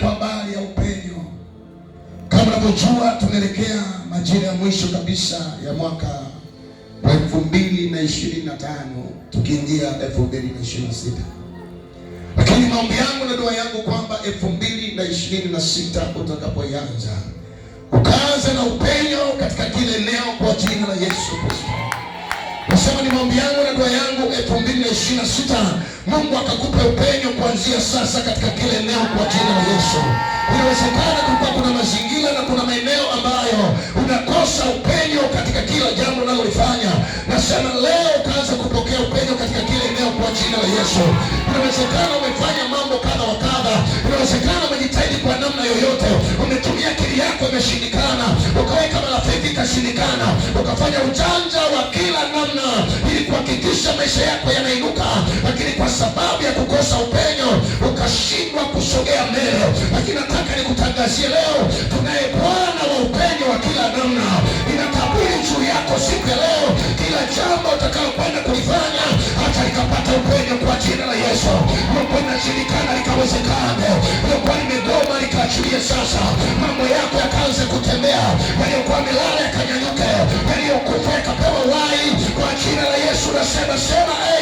Kwa bali ya upenyo, kama unavyojua, tunaelekea majira ya mwisho kabisa ya mwaka wa elfu mbili na ishirini na tano tukiingia elfu mbili na ishirini na sita lakini maombi yangu na dua yangu kwamba elfu mbili na ishirini na sita utakapoianza ukaanze na upenyo katika kila eneo kwa jina la Yesu Kristo. Nasema ni maombi yangu na dua yangu elfu mbili na ishirini na sita Mungu akakupe upenyo kuanzia sasa katika kile eneo kwa jina la Yesu. Inawezekana kulikuwa kuna mazingira na kuna maeneo ambayo unakosa upenyo katika kila jambo unalolifanya. Nasema leo ukaanza kupokea upenyo katika kile eneo kwa jina la Yesu. Inawezekana umefanya mambo kadha wa kadha, inawezekana umejitahidi kwa namna yoyote, umetumia akili yako imeshindikana, ukaweka marafiki ikashindikana, ukafanya ujanja wa kila namna ili kuhakikisha maisha yako yanainuka, lakini kwa sababu ya kukosa upenyo kushindwa kusogea mbele, lakini nataka nikutangazie leo, tunaye Bwana wa upenyo wa kila namna. Ninatabiri juu yako siku ya leo, kila jambo utakalokwenda kulifanya hata likapata upenyo kwa jina la Yesu. Mambo linajulikana likawezekane, iliokuwa limegoma likaachilie. Sasa mambo yako yakaanze kutembea, yaliyokuwa milala yakanyanyuke, yaliyokufa yakapewa uhai kwa jina la Yesu. Nasema sema